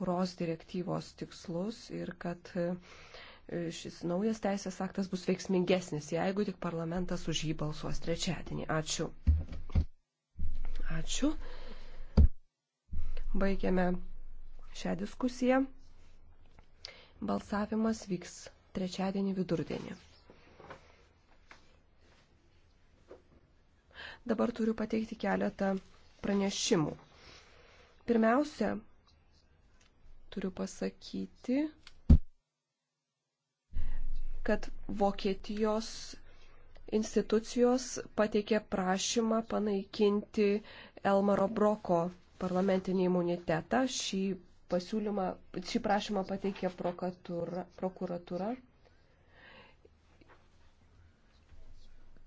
ROS direktyvos tikslus ir kad e, šis naujas teisės aktas bus veiksmingesnis, jeigu tik parlamentas už jį balsuos trečiadienį. Ačiū. Ačiū. Baigiame šią diskusiją. Balsavimas vyks trečiadienį vidurdienį. Dabar turiu pateikti keletą pranešimų. Pirmiausia, turiu pasakyti, kad Vokietijos institucijos pateikė prašymą panaikinti Elmaro Broko parlamentinį imunitetą. Šį, pasiūlymą, šį prašymą pateikė prokuratūra.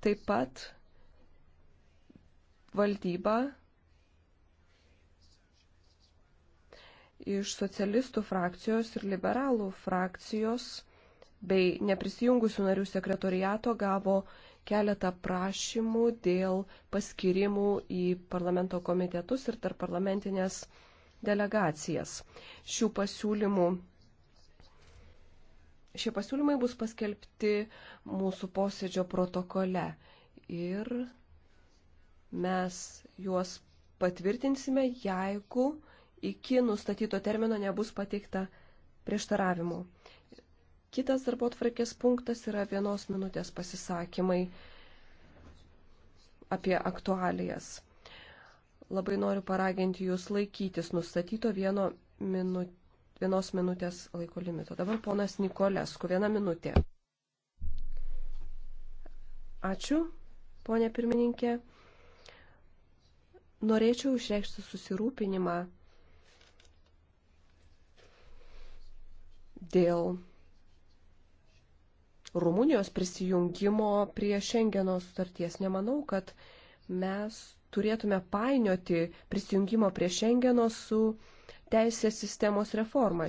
Taip pat valdyba iš socialistų frakcijos ir liberalų frakcijos bei neprisijungusių narių sekretoriato gavo keletą prašymų dėl paskirimų į parlamento komitetus ir tarp parlamentinės delegacijas. Šių pasiūlymų. Šie pasiūlymai bus paskelbti mūsų posėdžio protokole ir mes juos patvirtinsime, jeigu iki nustatyto termino nebus pateikta prieštaravimų. Kitas darbo atvarkės punktas yra vienos minutės pasisakymai apie aktualijas. Labai noriu paraginti jūs laikytis nustatyto vieno minut, vienos minutės laiko limito. Dabar ponas Nikolesku, viena minutė. Ačiū, ponė pirmininkė. Norėčiau išreikšti susirūpinimą dėl Rumunijos prisijungimo prie Šengeno sutarties. Nemanau, kad mes turėtume painioti prisijungimo prie Šengeno su teisės sistemos reforma.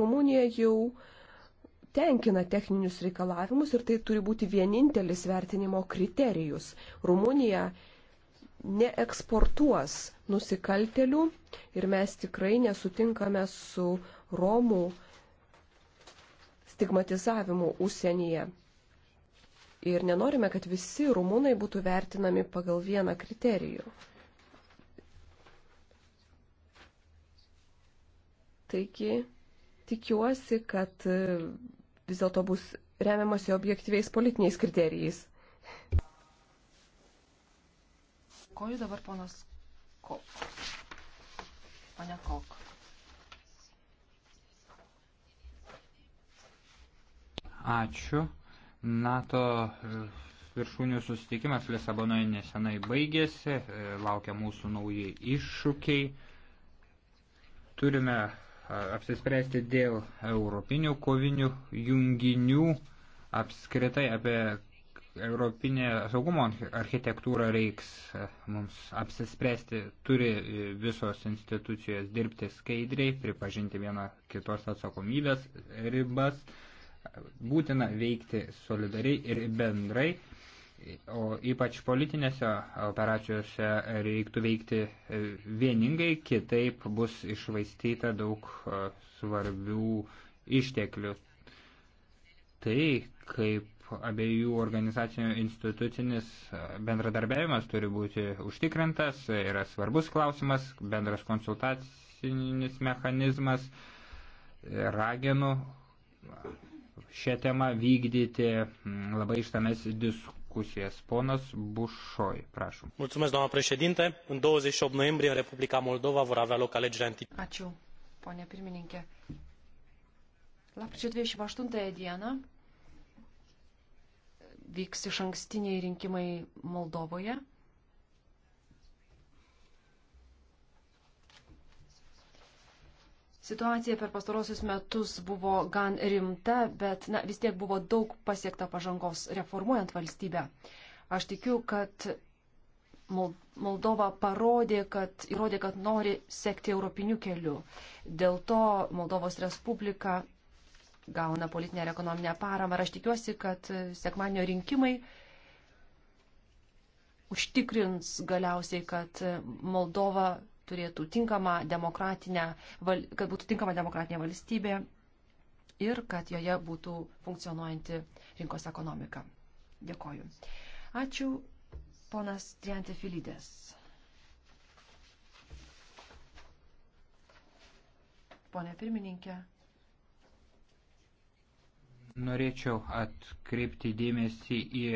Rumunija jau tenkina techninius reikalavimus ir tai turi būti vienintelis vertinimo kriterijus. Rumunija neeksportuos nusikaltelių ir mes tikrai nesutinkame su Romų stigmatizavimu užsienyje. Ir nenorime, kad visi rumūnai būtų vertinami pagal vieną kriterijų. Taigi, tikiuosi, kad e, vis dėlto bus remiamasi objektyviais politiniais kriterijais. Koju dabar ponas Kok. Pane Kok. Ačiū. NATO e, viršūnių susitikimas Lisabonoje nesenai baigėsi, e, laukia mūsų nauji iššūkiai. Turime apsispręsti dėl europinių kovinių junginių, apskritai apie europinė saugumo architektūra reiks e, mums apsispręsti, turi visos institucijos dirbti skaidriai, pripažinti vieną kitos atsakomybės ribas būtina veikti solidariai ir bendrai, o ypač politinėse operacijose reiktų veikti e, vieningai, kitaip bus išvaistyta daug e, svarbių išteklių. Tai, kaip abiejų organizacijų institucinis e, bendradarbiavimas turi būti užtikrintas, yra svarbus klausimas, bendras konsultacinis mechanizmas, ragenų šią temą vykdyti mm, labai ištames diskusijas. Ponas Bušoj, prašom. Mulțumesc, doamna președinte. În 28 noiembrie în Republica Moldova vor avea loc alegeri anticipate. Ačiū, ponė pirmininkė. Lapkričio 28 dieną vyks iš ankstiniai rinkimai Moldovoje. Situacija per pastarosius metus buvo gan rimta, bet na, vis tiek buvo daug pasiekta pažangos reformuojant valstybę. Aš tikiu, kad Moldova parodė, kad įrodė, kad nori sekti europiniu keliu. Dėl to Moldovos Respublika gauna politinę ir ekonominę paramą. Ir aš tikiuosi, kad sekmanio rinkimai užtikrins galiausiai, kad Moldova turėtų tinkamą demokratinę, kad būtų tinkama demokratinė valstybė ir kad joje būtų funkcionuojanti rinkos ekonomika. Dėkoju. Ačiū, ponas Triantė Filidės. Pone pirmininkė. Norėčiau atkreipti dėmesį į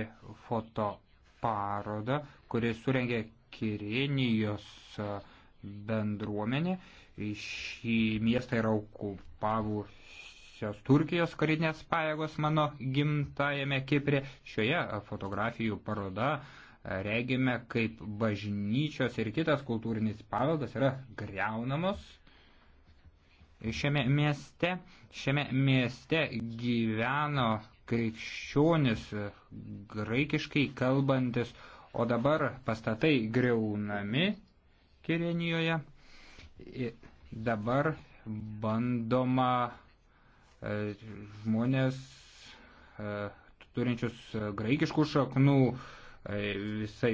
fotoparodą, kurį surengė Kirinijos uh, bendruomenė. Šį miestą yra okupavusios Turkijos karinės pajėgos mano gimtajame Kiprė. Šioje fotografijų paroda e, regime, kaip bažnyčios ir kitas kultūrinis paveldas yra greunamos šiame mieste. Šiame mieste gyveno krikščionis graikiškai kalbantis, o dabar pastatai greunami Kirenijoje. Dabar bandoma e, žmonės e, turinčius graikiškų šaknų e, visai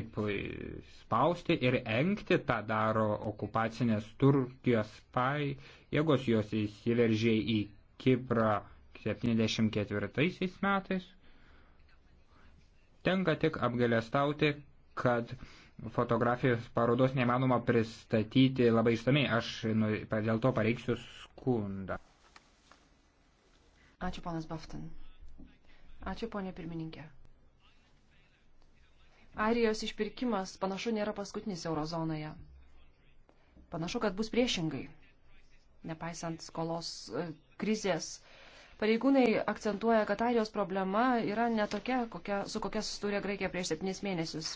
spausti ir engti tą daro okupacinės Turkijos pai, jėgos jos įsiveržė į Kiprą 74 metais. Tenka tik apgalėstauti, kad fotografijos parodos neįmanoma pristatyti labai išsamei. Aš nu, dėl to pareiksiu skundą. Ačiū, ponas Bafton. Ačiū, ponė pirmininkė. Airijos išpirkimas panašu nėra paskutinis eurozonoje. Panašu, kad bus priešingai. Nepaisant skolos e, krizės, Pareigūnai akcentuoja, kad Airijos problema yra netokia, kokia, su kokia susitūrė Graikija prieš septynis mėnesius.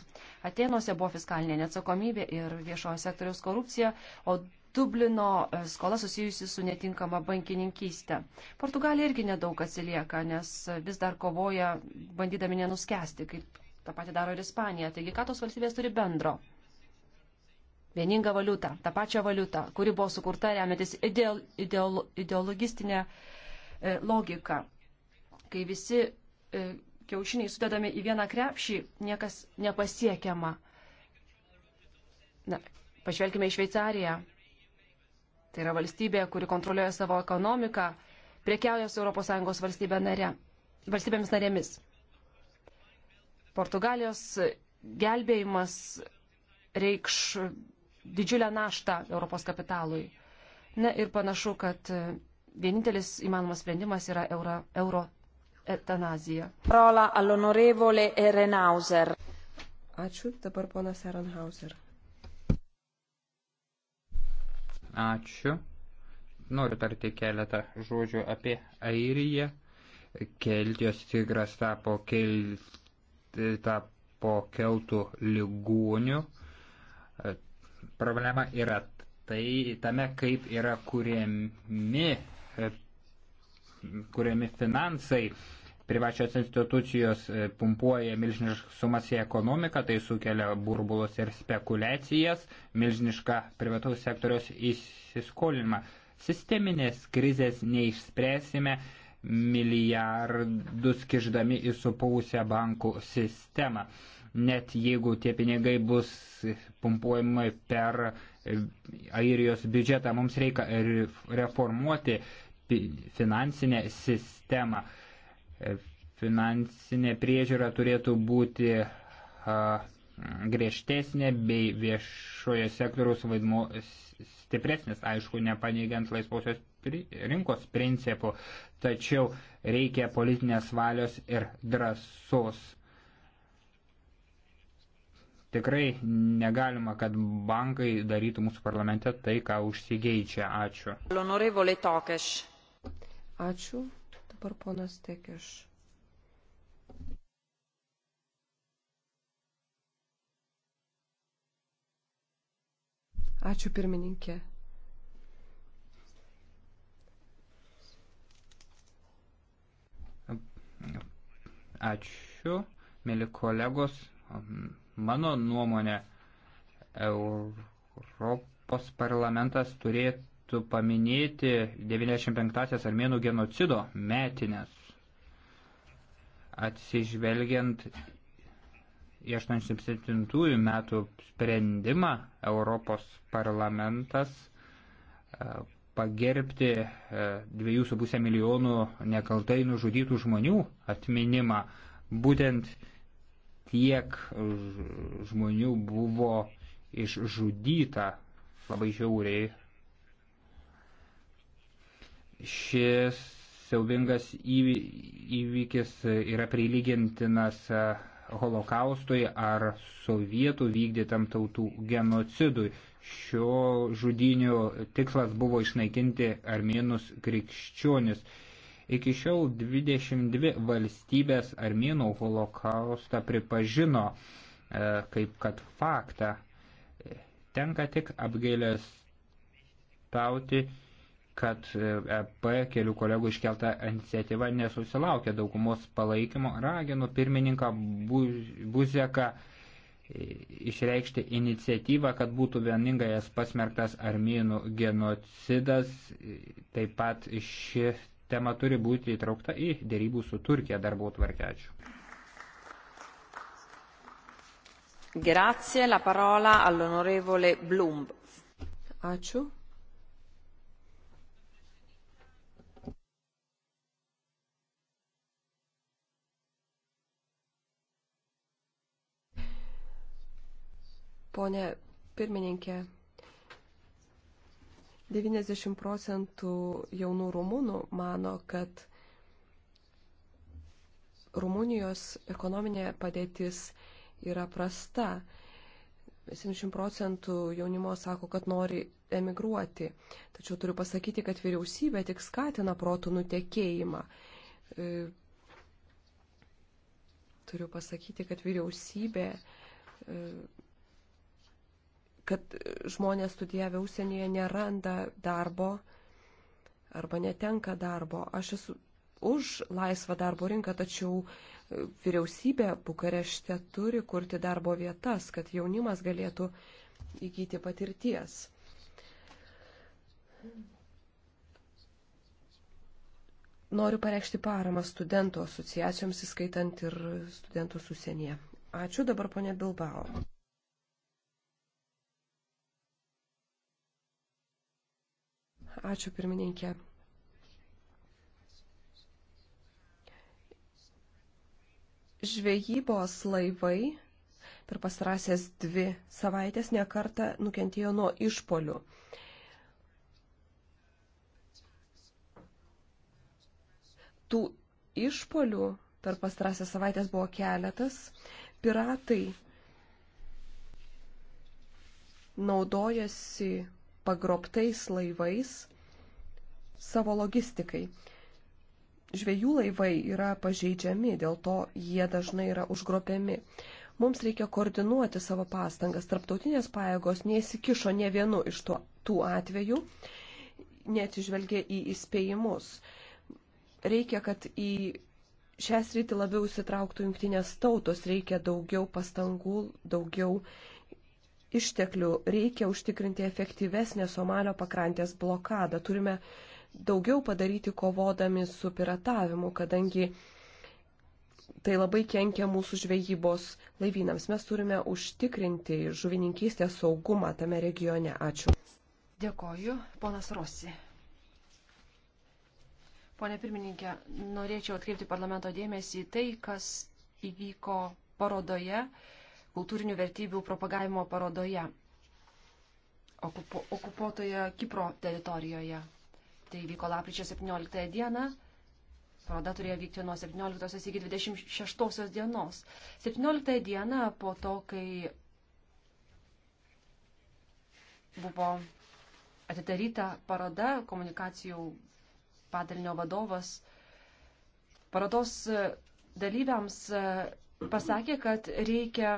Atenuose buvo fiskalinė neatsakomybė ir viešojo sektoriaus korupcija, o Dublino e, skola susijusi su netinkama bankininkystė. Portugalija irgi nedaug atsilieka, nes vis dar kovoja bandydami nenuskesti, kaip tą patį daro ir Ispanija. Taigi, ką tos valstybės turi bendro? Vieningą valiutą, tą pačią valiutą, kuri buvo sukurta remiantis ideol, ideol, ideologistinė E, logiką. Kai visi e, kiaušiniai sudedami į vieną krepšį, niekas nepasiekiama. Na, pažvelkime į Šveicariją. Tai yra valstybė, kuri kontroliuoja savo ekonomiką, priekiauja su ES valstybė nare, valstybėmis narėmis. Portugalijos gelbėjimas reikš didžiulę naštą Europos kapitalui. Na ir panašu, kad vienintelis įmanomas sprendimas yra euro, euro etanazija. Parola all'onorevole Ehrenhauser. Ačiū, dabar ponas Ehrenhauser. Ačiū. Noriu tarti keletą žodžių apie Airiją. Keltijos tigras tapo, kel... tapo keltų ligūnių. Problema yra tai tame, kaip yra kuriami E, kuriami finansai, privačios institucijos e, pumpuoja milžiniškas sumas į ekonomiką, tai sukelia burbulus ir spekulacijas, milžinišką privataus sektoriaus įsiskolinimą. Sisteminės krizės neišspręsime milijardus kiždami į supavusią bankų sistemą. Net jeigu tie pinigai bus pumpuojami per Airijos biudžetą. Mums reikia reformuoti finansinę sistemą. Finansinė priežiūra turėtų būti griežtesnė bei viešojo sektoriaus vaidmo stipresnis, aišku, nepaneigiant laisvosios rinkos principų, tačiau reikia politinės valios ir drąsos Tikrai negalima, kad bankai darytų mūsų parlamente tai, ką užsigeičia. Ačiū. L'onorevole Tokeš. Ačiū. Dabar ponas Tekeš. Ačiū pirmininkė. Ačiū, mėly kolegos. Mano nuomonė, Europos parlamentas turėtų paminėti 95-asias armėnų genocido metinės, atsižvelgiant į 87 metų sprendimą Europos parlamentas e, pagerbti 2,5 e, milijonų nekaltai nužudytų žmonių atminimą. Būtent tiek žmonių buvo išžudyta labai žiauriai. Šis siaubingas įvykis yra prilygintinas e, holokaustui ar sovietų vykdytam tautų genocidui. Šio žudinių tikslas buvo išnaikinti armėnus krikščionis. Iki šiol 22 valstybės armėnų holokaustą pripažino e, kaip kad faktą. Tenka tik apgailės tauti, kad EP e kelių kolegų iškelta iniciatyva nesusilaukė daugumos palaikymo. Raginu pirmininką Buzeką e, išreikšti iniciatyvą, kad būtų vieningai jas pasmerktas armynų genocidas. Taip pat ši tema turi būti įtraukta į dėrybų su Turkija darbo tvarkę. Ačiū. Grazie, la parola all'onorevole Blumb. Ačiū. Pone pirmininkė, 90 procentų jaunų rumūnų mano, kad Rumunijos ekonominė padėtis yra prasta. 70 procentų jaunimo sako, kad nori emigruoti. Tačiau turiu pasakyti, kad vyriausybė tik skatina protų nutekėjimą. E, turiu pasakyti, kad vyriausybė e, kad žmonės studijavę užsienyje neranda darbo arba netenka darbo. Aš esu už laisvą darbo rinką, tačiau e, vyriausybė Bukarešte turi kurti darbo vietas, kad jaunimas galėtų įgyti patirties. Noriu pareikšti paramą studentų asociacijoms, įskaitant ir studentų susienyje. Ačiū dabar, ponė Bilbao. Ačiū pirmininkė. Žvejybos laivai per pastarąsias dvi savaitės nekarta nukentėjo nuo išpolių. Tų išpolių per pastarąsias savaitės buvo keletas. Piratai naudojasi pagrobtais laivais savo logistikai. Žvėjų laivai yra pažeidžiami, dėl to jie dažnai yra užgropiami. Mums reikia koordinuoti savo pastangas. Tarptautinės pajėgos nesikišo ne vienu iš to, tų atvejų, neatsižvelgia į įspėjimus. Reikia, kad į šią sritį labiau įsitrauktų jungtinės tautos, reikia daugiau pastangų, daugiau uh, išteklių, reikia užtikrinti efektyvesnę Somalio pakrantės blokadą. Turime daugiau padaryti kovodami su piratavimu, kadangi tai labai kenkia mūsų žvejybos laivynams. Mes turime užtikrinti žuvininkystės saugumą tame regione. Ačiū. Dėkoju, ponas Rosi. Pone pirmininkė, norėčiau atkreipti parlamento dėmesį į tai, kas įvyko parodoje kultūrinių vertybių propagavimo parodoje okupu, okupuotoje Kipro teritorijoje. Tai vyko lapkričio 17 dieną. Paroda turėjo vykti nuo 17 iki 26 dienos. 17 dieną po to, kai buvo atidaryta paroda, komunikacijų padalinio vadovas parodos dalyviams e, pasakė, kad reikia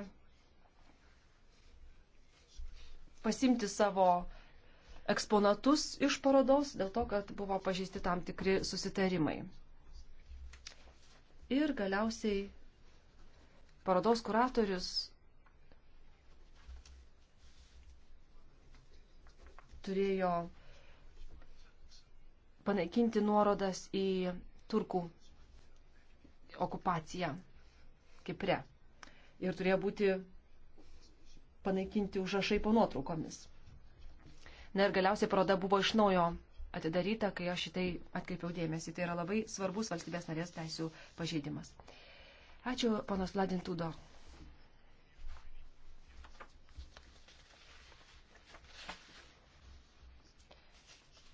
pasimti savo eksponatus iš parodos dėl to, kad buvo pažįsti tam tikri susitarimai. Ir galiausiai parodos kuratorius turėjo panaikinti nuorodas į turkų okupaciją Kipre. Ir turėjo būti panaikinti užrašai po nuotraukomis. Na ir galiausiai paroda buvo iš naujo atidaryta, kai aš šitai atkreipiau dėmesį. Tai yra labai svarbus valstybės narės teisų pažeidimas. Ačiū, ponas Vladintudo.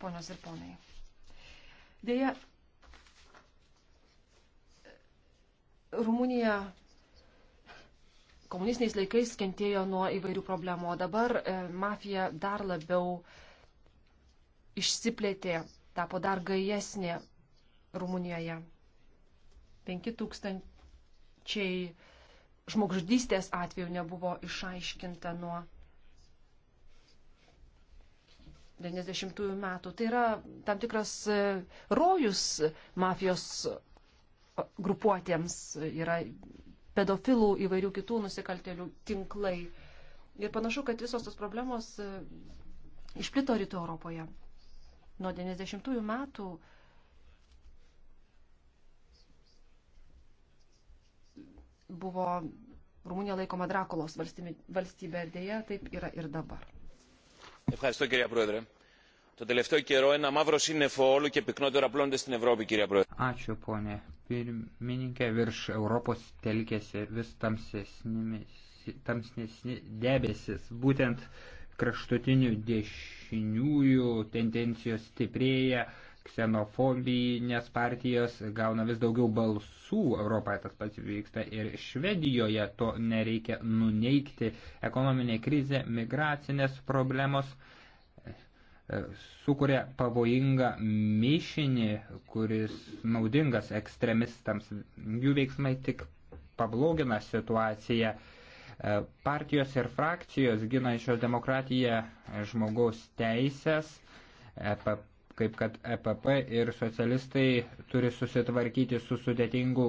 Ponios ir ponai. Dėja, Rumunija komunistiniais laikais kentėjo nuo įvairių problemų, o dabar e, mafija dar labiau išsiplėtė, tapo dar gajesnė Rumunijoje. 5000 žmogžudystės atveju nebuvo išaiškinta nuo 90-ųjų metų. Tai yra tam tikras e, rojus mafijos grupuotėms, yra pedofilų įvairių kitų nusikaltelių tinklai. Ir panašu, kad visos tos problemos e, išplito rytų Europoje. Nuo 90-ųjų metų buvo Rumunija laikoma Drakulos valstybė ir dėja taip yra ir dabar. Ačiū, geria, Τον τελευταίο καιρό ένα μαύρο σύννεφο όλο και πυκνότερο απλώνεται στην Ευρώπη, κυρία Πρόεδρε. Ačiū, ponė. Pirmininkė virš Europos telkėsi vis tamsesni debesis. Būtent kraštutinių dešiniųjų tendencijos stiprėja, ksenofobinės partijos gauna vis daugiau balsų Europoje, tas pats vyksta ir Švedijoje, to nereikia nuneikti. Ekonominė krizė, migracinės problemos E, sukuria pavojingą mišinį, kuris naudingas ekstremistams. Jų veiksmai tik pablogina situaciją. E, partijos ir frakcijos ginančios demokratiją žmogaus teisės, e, kaip kad EPP ir socialistai turi susitvarkyti su sudėtingu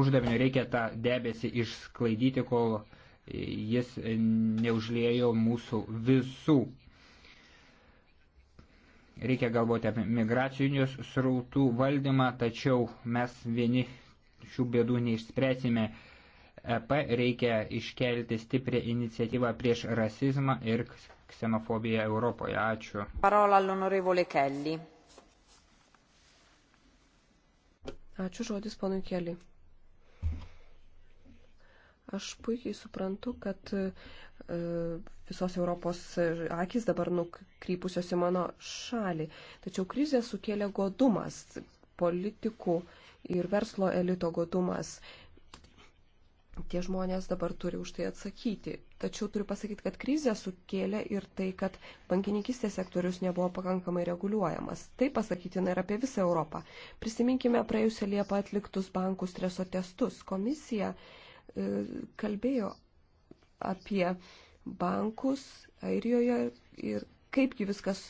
uždaviniu, reikia tą debesį išsklaidyti, kol jis neužlėjo mūsų visų Reikia galvoti apie migracinius srautų valdymą, tačiau mes vieni šių bėdų neišspręsime. EP reikia iškelti stiprią iniciatyvą prieš rasizmą ir ksenofobiją Europoje. Ačiū. Parola all'onorevole Kelly. Ačiū žodis ponui Kelly. Aš puikiai suprantu, kad e, visos Europos akis dabar nukrypusios į mano šalį. Tačiau krizė sukėlė godumas, politikų ir verslo elito godumas. Tie žmonės dabar turi už tai atsakyti. Tačiau turiu pasakyti, kad krizė sukėlė ir tai, kad bankininkistės sektorius nebuvo pakankamai reguliuojamas. Tai pasakytina ir apie visą Europą. Prisiminkime praėjusią Liepą atliktus bankų streso testus. Komisija uh, E, kalbėjo apie bankus Airijoje ir kaipgi viskas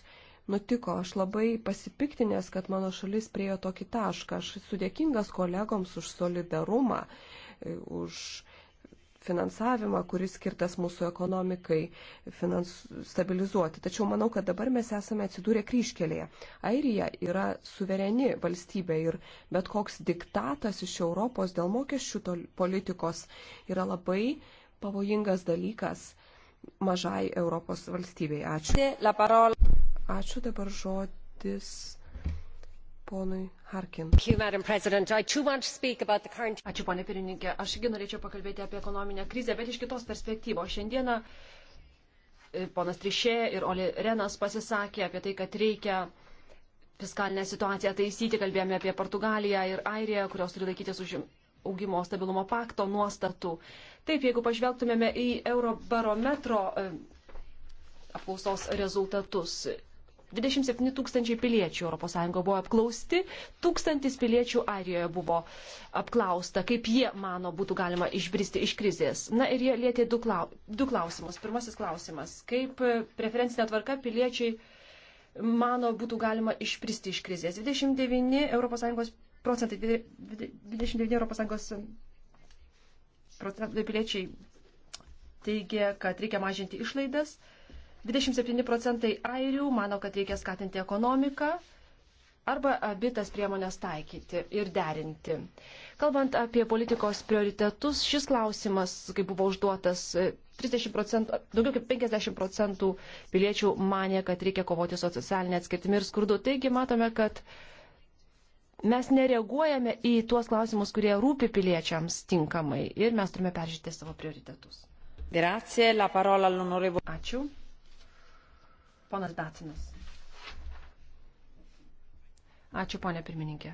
nutiko. Aš labai pasipiktinęs, kad mano šalis priejo tokį tašką. Aš esu dėkingas kolegoms už solidarumą, e, už finansavimą, kuris skirtas mūsų ekonomikai finans, stabilizuoti. Tačiau manau, kad dabar mes esame atsidūrę kryškelėje. Airija yra suvereni valstybė ir bet koks diktatas iš Europos dėl mokesčių politikos yra labai pavojingas dalykas mažai Europos valstybei. Ačiū. Ačiū dabar žodis ponui Harkin. Ačiū, ponė pirmininkė. Aš irgi norėčiau pakalbėti apie ekonominę krizę, bet iš kitos perspektyvos. Šiandieną e, ponas Trišė ir Oli Renas pasisakė apie tai, kad reikia fiskalinę situaciją taisyti. Kalbėjome apie Portugaliją ir Airiją, kurios turi laikytis už augimo stabilumo pakto nuostatų. Taip, jeigu pažvelgtumėme į Eurobarometro e, apklausos rezultatus, 27 tūkstančiai piliečių ES buvo apklausti, tūkstantis piliečių Airijoje buvo apklausta, kaip jie mano būtų galima išbristi iš krizės. Na ir jie lietė du, klau, du klausimus. Pirmasis klausimas, kaip preferencinė tvarka piliečiai mano būtų galima išbristi iš krizės. 29 ES procentai, 29 ES procentai piliečiai teigia, kad reikia mažinti išlaidas. 27 procentai airių mano, kad reikia skatinti ekonomiką arba abi tas priemonės taikyti ir derinti. Kalbant apie politikos prioritetus, šis klausimas, kaip buvo užduotas, 30 procentų, daugiau kaip 50 procentų piliečių mane, kad reikia kovoti su socialinė atskirtimi ir skurdu. Taigi matome, kad mes nereaguojame į tuos klausimus, kurie rūpi piliečiams tinkamai ir mes turime peržiūrėti savo prioritetus. Grazie, la parola all'onorevole. Ačiū. Ponas Dacinas. Ačiū, ponė pirmininkė.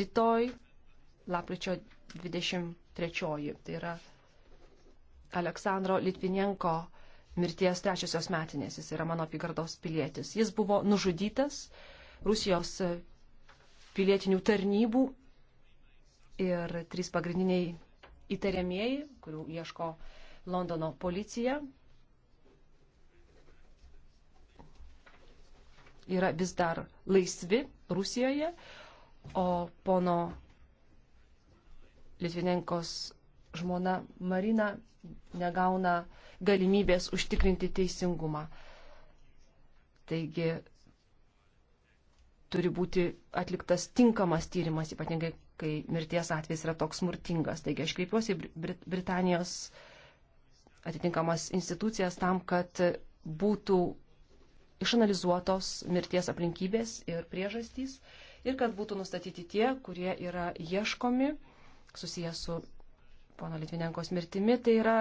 Rytoj, lapkričio 23, tai yra Aleksandro Litvinenko mirties trečiosios metinės, jis yra mano apygardos pilietis. Jis buvo nužudytas Rusijos pilietinių tarnybų ir trys pagrindiniai įtariamieji, kurių ieško Londono policija, yra vis dar laisvi Rusijoje, o pono Litvinenkos žmona Marina negauna galimybės užtikrinti teisingumą. Taigi turi būti atliktas tinkamas tyrimas, ypatingai kai mirties atvejs yra toks smurtingas. Taigi aš kreipiuosi Brit Britanijos atitinkamas institucijas tam, kad būtų išanalizuotos mirties aplinkybės ir priežastys ir kad būtų nustatyti tie, kurie yra ieškomi susijęs su pono Litvinenkos mirtimi. Tai yra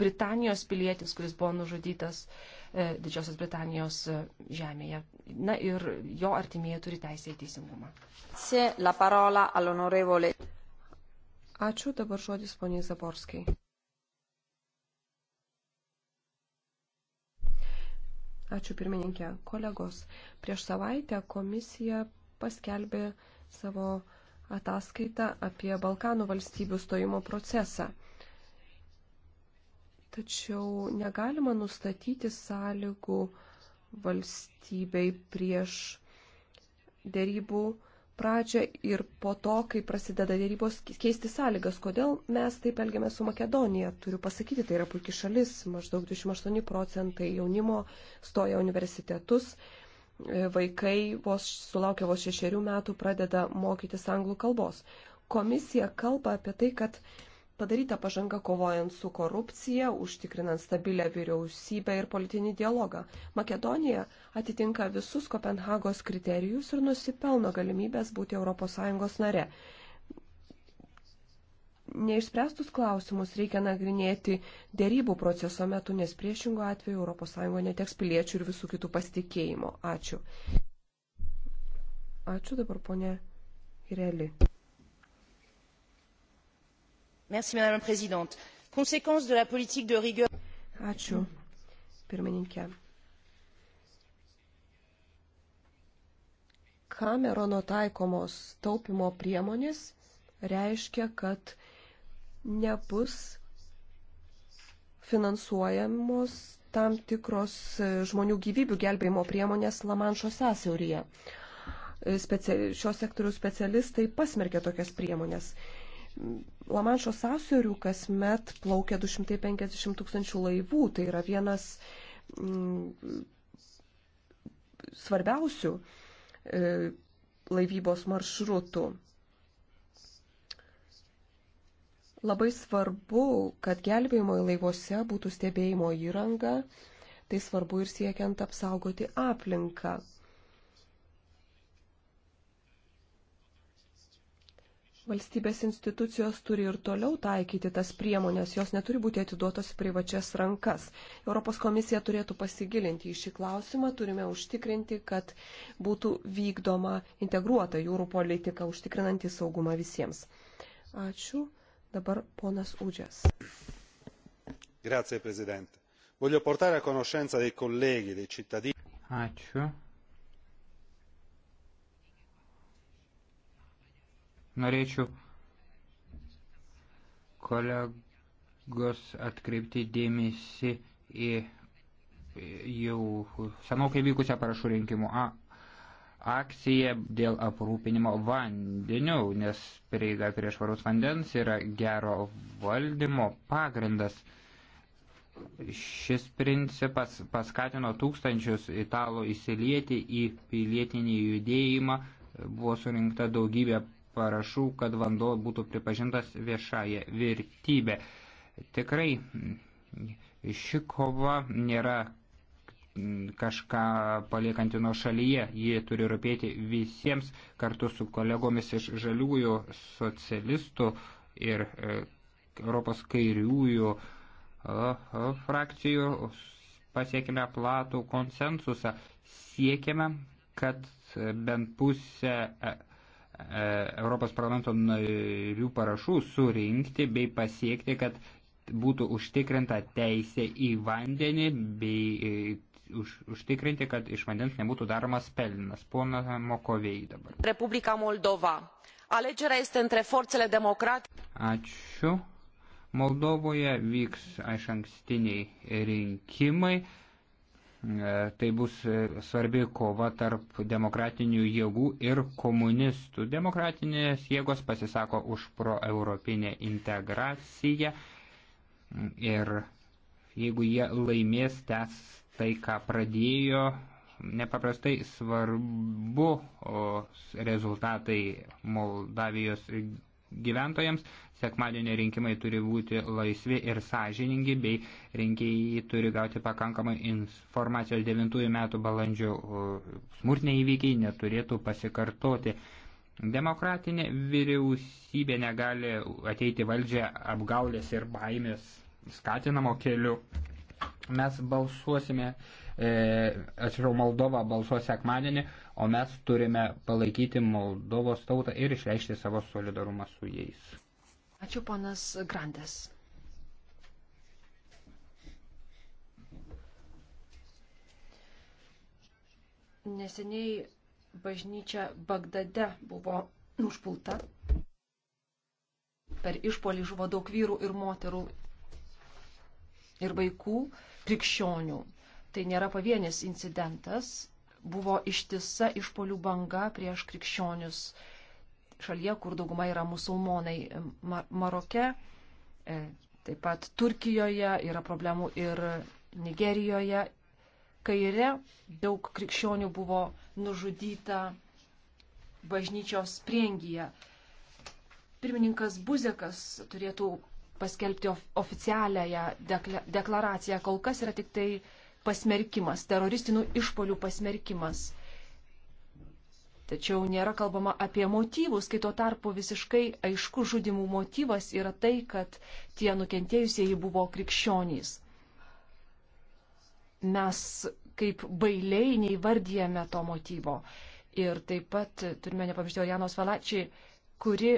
Britanijos pilietis, kuris buvo nužudytas e, Didžiosios Britanijos e, žemėje. Na ir jo artimieji turi teisę į teisingumą. Ačiū dabar žodis poniai Zaborskiai. Ačiū pirmininkė. Kolegos, prieš savaitę komisija paskelbė savo ataskaitą apie Balkanų valstybių stojimo procesą. Tačiau negalima nustatyti sąlygų valstybei prieš dėrybų pradžią ir po to, kai prasideda dėrybos, keisti sąlygas. Kodėl mes taip elgiame su Makedonija? Turiu pasakyti, tai yra puikia šalis, maždaug 28 procentai jaunimo stoja universitetus, vaikai vos sulaukia vos šešerių metų pradeda mokytis anglų kalbos. Komisija kalba apie tai, kad padaryta pažanga kovojant su korupcija, užtikrinant stabilę vyriausybę ir politinį dialogą. Makedonija atitinka visus Kopenhagos kriterijus ir nusipelno galimybės būti ES nare. Neišspręstus klausimus reikia nagrinėti dėrybų proceso metu, nes priešingų atveju ES neteks piliečių ir visų kitų pasitikėjimo. Ačiū. Ačiū dabar, ponė Ireli madame la présidente conséquence de la politique de rigueur. ačiū pirmininke. Kamerono taikomos taupimo priemonės reiškia, kad nebus finansuojamos tam tikros e, žmonių gyvybių gelbėjimo priemonės Lamanšo sąsiauryje. E, Specia šios sektorių specialistai pasmerkė tokias priemonės Lamanšo sąsiaurių kasmet plaukia 250 tūkstančių laivų. Tai yra vienas mm, svarbiausių e, laivybos maršrutų. Labai svarbu, kad gelbėjimo laivuose būtų stebėjimo įranga. Tai svarbu ir siekiant apsaugoti aplinką. Valstybės institucijos turi ir toliau taikyti tas priemonės, jos neturi būti atiduotos į privačias rankas. Europos komisija turėtų pasigilinti į šį klausimą, turime užtikrinti, kad būtų vykdoma integruota jūrų politika, užtikrinanti saugumą visiems. Ačiū. Dabar ponas Udžias. Grazie, Presidente. Voglio portare a conoscenza dei colleghi, dei cittadini. Ačiū. norėčiau kolegos atkreipti dėmesį į jau senokai vykusią parašų rinkimų a, akciją dėl aprūpinimo vandeniu, nes prieiga prie švarus vandens yra gero valdymo pagrindas. Šis principas paskatino tūkstančius italų įsilieti į pilietinį judėjimą, buvo surinkta daugybė parašų, kad vanduo būtų pripažintas viešąją vertybę. Tikrai ši kova nėra kažką paliekanti nuo šalyje, ji turi rūpėti visiems kartu su kolegomis iš žaliųjų socialistų ir e, Europos kairiųjų e, e, frakcijų pasiekime platų konsensusą, siekime, kad bent pusę E, Europos parlamento narių parašų surinkti bei pasiekti, kad būtų užtikrinta teisė į vandenį bei e, už, užtikrinti, kad iš vandens nebūtų daromas pelnas. Pona Mokovei dabar. Republika Moldova. Alegerea este între forțele democratice. Ačiū. Moldovoje vyks aiš ankstiniai rinkimai. E, tai bus e, svarbi kova tarp demokratinių jėgų ir komunistų. Demokratinės jėgos pasisako už proeuropinę integraciją ir jeigu jie laimės, tęs tai, ką pradėjo, nepaprastai svarbu rezultatai Moldavijos gyventojams. Sekmadienio rinkimai turi būti laisvi ir sąžiningi, bei rinkėjai turi gauti pakankamai informacijos 9 metų balandžio smurtiniai įvykiai neturėtų pasikartoti. Demokratinė vyriausybė negali ateiti valdžią apgaulės ir baimės skatinamo keliu. Mes balsuosime uh, E, atsiprašau, Moldova balsuos sekmadienį, o mes turime palaikyti Moldovos tautą ir išreikšti savo solidarumą su jais. Ačiū, ponas Grandes. Neseniai bažnyčia Bagdade buvo užpulta. Per išpolį žuvo daug vyrų ir moterų ir vaikų krikščionių tai nėra pavienis incidentas, buvo ištisa išpolių banga prieš krikščionius šalyje, kur dauguma yra musulmonai Mar Maroke, e, taip pat Turkijoje yra problemų ir Nigerijoje. Kaire daug krikščionių buvo nužudyta bažnyčios priengyje. Pirmininkas Buzekas turėtų paskelbti oficialiąją deklaraciją. Kol kas yra tik tai uh, pasmerkimas, teroristinių išpolių pasmerkimas. Tačiau nėra kalbama apie motyvus, kai tuo tarpu visiškai aišku žudimų motyvas yra tai, kad tie nukentėjusieji buvo krikščionys. Mes kaip bailiai neįvardyjame to motyvo. Ir taip pat turime nepamiršti Orianos Valačiai, kuri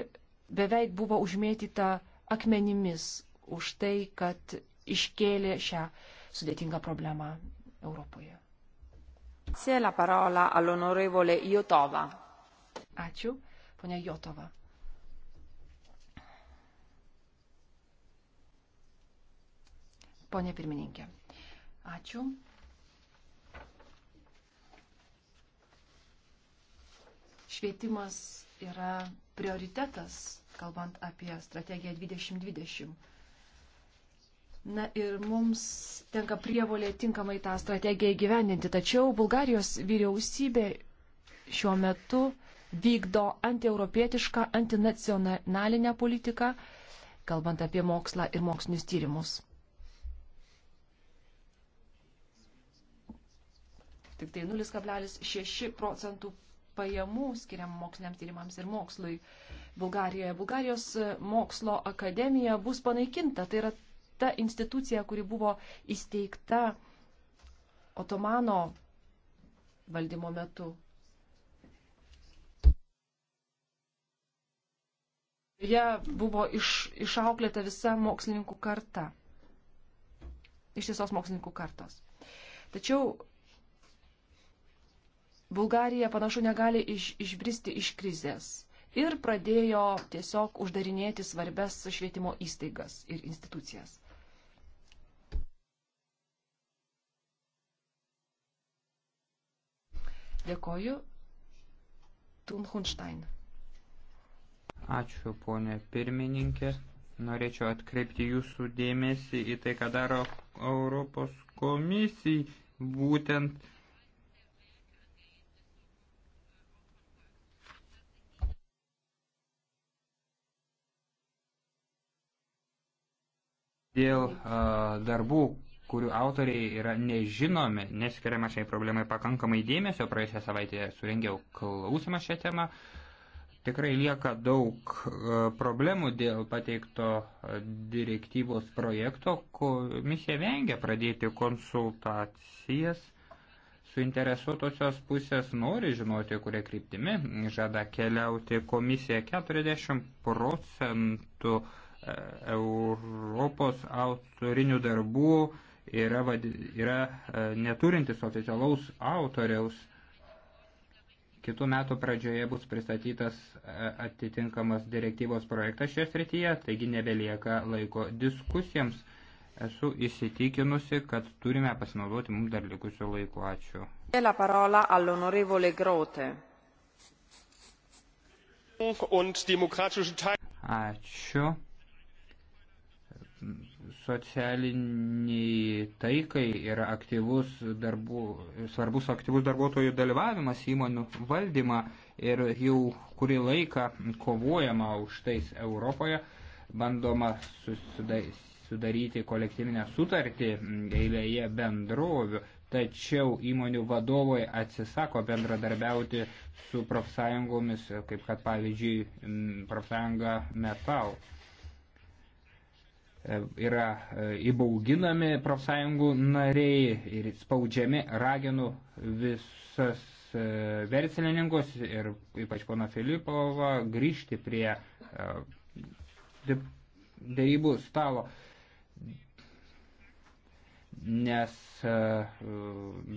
beveik buvo užmėtyta akmenimis už tai, kad iškėlė šią sudėtingą problemą Europoje. Ačiū, ponia Jotova. Pone pirmininkė, ačiū. Švietimas yra prioritetas, kalbant apie strategiją 2020 Na ir mums tenka prievolė tinkamai tą strategiją įgyvendinti. Tačiau Bulgarijos vyriausybė šiuo metu vykdo antieuropietišką, antinacionalinę politiką, kalbant apie mokslą ir mokslinius tyrimus. Tik tai 0,6 procentų pajamų skiriam moksliniams tyrimams ir mokslui Bulgarijoje. Bulgarijos mokslo akademija bus panaikinta. Tai yra ta institucija, kuri buvo įsteigta Otomano valdymo metu. Jie buvo iš, išauklėta visa mokslininkų karta. Iš visos mokslininkų kartos. Tačiau Bulgarija panašu negali iš, išbristi iš krizės ir pradėjo tiesiog uždarinėti svarbes švietimo įstaigas ir institucijas. Dėkoju. Tun Hunstein. Ačiū, ponė pirmininkė. Norėčiau atkreipti jūsų dėmesį į tai, ką daro Europos komisijai. Būtent dėl a, darbų, kurių autoriai yra nežinomi, neskiriama šiai problemai pakankamai dėmesio. Praėjusią savaitę surengiau klausimą šią temą. Tikrai lieka daug e, problemų dėl pateikto e, direktyvos projekto. Komisija vengia pradėti konsultacijas. Suinteresuotosios pusės nori žinoti, kurie kryptimi žada keliauti komisija 40 procentų e, Europos autorinių darbų yra, yra e, neturintis oficialaus autoriaus. Kitų metų pradžioje bus pristatytas e, atitinkamas direktyvos projektas šioje srityje, taigi nebelieka laiko diskusijams. Esu įsitikinusi, kad turime pasinaudoti mums dar likusio laiko. Ačiū. E la parola all'onorevole Grote. Ačiū socialiniai taikai yra aktyvus darbų, svarbus aktyvus darbuotojų dalyvavimas įmonių valdymą ir jau kurį laiką kovojama už tais Europoje, bandoma sudaryti kolektyvinę sutartį eilėje bendrovių, tačiau įmonių vadovai atsisako bendradarbiauti su profsąjungomis, kaip kad pavyzdžiui profsąjunga Metal yra e, įbauginami profsąjungų nariai ir spaudžiami raginu visas e, verslininkus ir ypač pono Filipovą grįžti prie e, dėrybų stalo, nes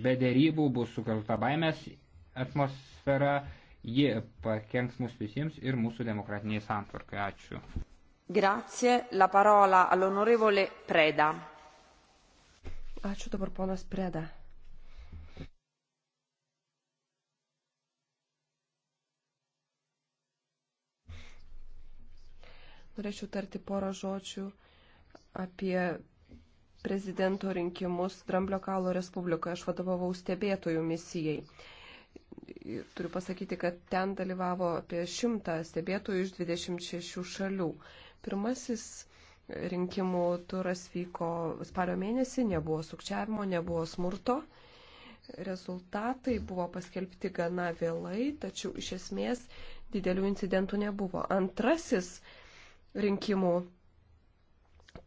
be dėrybų bus sukelta baimės atmosfera, ji pakenks mūsų visiems ir mūsų demokratiniai santvarkai. Ačiū. Grazie. La parola all'onorevole Preda. Ačiū dabar ponas Preda. Norėčiau tarti porą žodžių apie prezidento rinkimus Dramblio kalo Respublikoje. Aš vadovavau stebėtojų misijai. Ir turiu pasakyti, kad ten dalyvavo apie šimtą stebėtojų iš 26 šalių. Pirmasis rinkimų turas vyko spalio mėnesį, nebuvo sukčiavimo, nebuvo smurto. Rezultatai buvo paskelbti gana vėlai, tačiau iš esmės didelių incidentų nebuvo. Antrasis rinkimų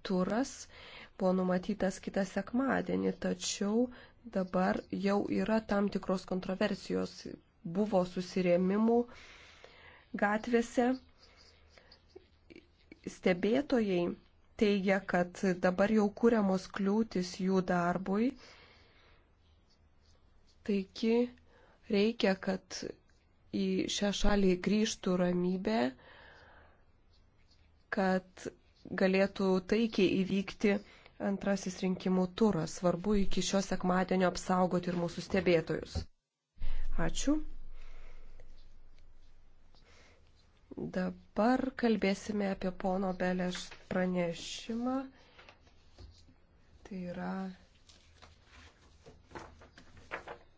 turas buvo numatytas kitą sekmadienį, tačiau dabar jau yra tam tikros kontroversijos. Buvo susirėmimų gatvėse Stebėtojai teigia, kad dabar jau kūriamos kliūtis jų darbui. Taigi reikia, kad į šią šalį grįžtų ramybė, kad galėtų taikiai įvykti antrasis rinkimų turas. Svarbu iki šio sekmadienio apsaugoti ir mūsų stebėtojus. Ačiū. Dabar kalbėsime apie pono Belės pranešimą. Tai yra